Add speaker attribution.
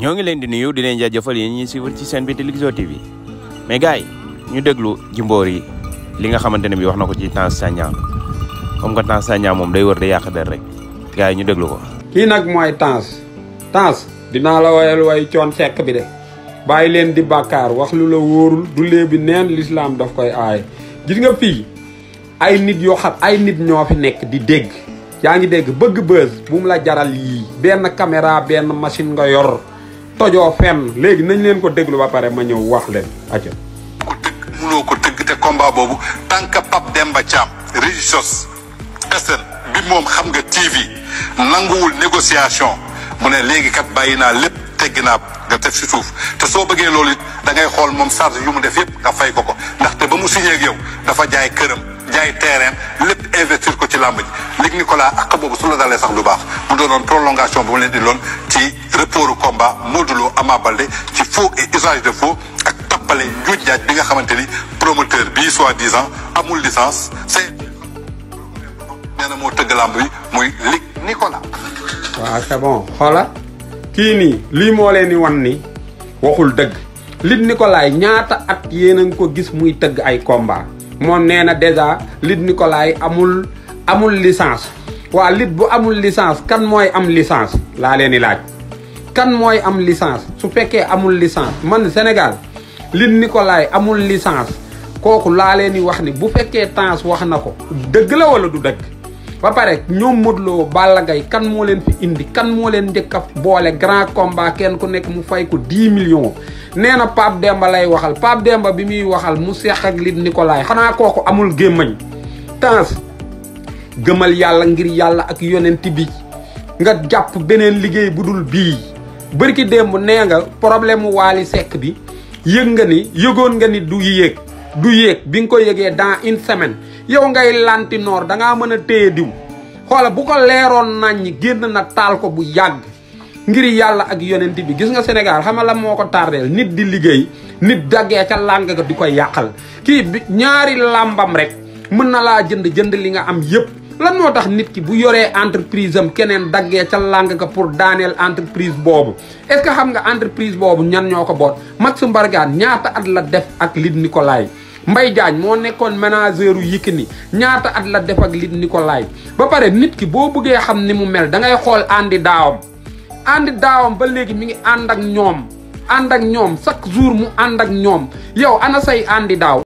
Speaker 1: ñoo ngi leen di nuyu di leen jaajëfal yéen ñuy suivre ci seen bi di Likzo TV mais gars ñu déglu jimboor yi li nga xamante ne bi wax na ko ci Tange Tandian comme que Tange Tandian moom day wër day yàq der rek gars ñu déglu ko. kii nag mooy Tange Tange dinaa la woyal way coon sekk bi de bàyyi leen di bàkkaar wax lu la wóorul du léebi neen lislaam daf koy aay gis nga fii ay nit yoo nit ñoo fi nekk di dégg yaa ngi dégg bëgg bës bu mu la jaral yii benn caméra benn machine nga yor. tojoo fenn léegi nañ leen ko déglu ba pare ma ñëw wax leen aca ko
Speaker 2: dëgg munoo ko dëgg te combat boobu tant que Pape Demba Thiam Régis Essen bi moom xam nga TV nanguwul négociation mu ne léegi kat bàyyi naa lépp teggi naa nga def si suuf te soo bëggee loolu it da ngay xool moom charge yu mu def yëpp nga fay ko ko ndaxte ba mu signé ak yow dafa jaay këram jaay terrain lépp investir ko ci làmb ji Luc Nicolas ak boobu su la dalee sax lu baax mu doonoon prolongation bu mu leen di loon ci report combat Modou Lo Ama Baldé ci faux et usage de faux ak tappale njuuj njaaj bi nga xamante ni promoteur bii soi-disant amul licence c'est nee moo tëgg làmb bi muy Luc Nicolas
Speaker 1: waaw c'est bon xoola kii nii lii moo leen di wan ni waxul dëgg Luc Nicolas ñaata at yéen a ko gis muy tëgg ay combat moom nee na dèjà Lutte Nicolaï amul amul licence waa lutte bu amul licence kan mooy am licence laa leen di laaj kan mooy am licence su fekkee amul licence man Sénégal Lutte nikolaay amul licence kooku laa leen di wax ni bu fekkee Tange wax na ko dëgg la wala du dëgg ba pare ñoom Modou Lo Balla kan moo leen fi indi kan moo leen njëkk a boole grand combat kenn ku nekk mu fay ku 10 millions nee na Pape Demba lay waxal Pape Demba bi muy waxal mu seex ak lit Nicolas xanaa kooku amul gémmañ tans gëmal yàlla ngir yàlla ak yonent bi nga jàpp beneen liggéey bu dul bii bërki demb nee nga problème mu Waly Seck bi yëg nga ni yëgoon nga ni du yéeg du yéeg bi nga ko yëgee dans une semaine yow ngay lantinoor noor mën a téye diw xoola bu ko leeroon naññ génn na taal ko bu yàgg ngir yàlla ak yonent bi gis nga Sénégal xam la moo ko tardeel nit di liggéey nit daggee ca làng ga di koy yàqal kii bi ñaari làmbam rek mën na laa jënd jënd li nga am yépp lan moo tax nit ki bu yoree entreprise am keneen daggee ca làng ka pour daaneel entreprise boobu est-ce xam nga entreprise boobu ñan ñoo ko boot Max Mbargane ñaata at la def ak Luc Nicolaï Mbaye Diagne moo nekkoon manager yikk Yékini ñaata at la def ak Luc Nicolaï ba pare nit ki boo bëggee xam ni mu mel da ngay xool àndi daawam àndi daawam ba léegi mi ngi ànd ak ñoom ànd ak ñoom chaque jour mu ànd ak ñoom yow ana say àndi daaw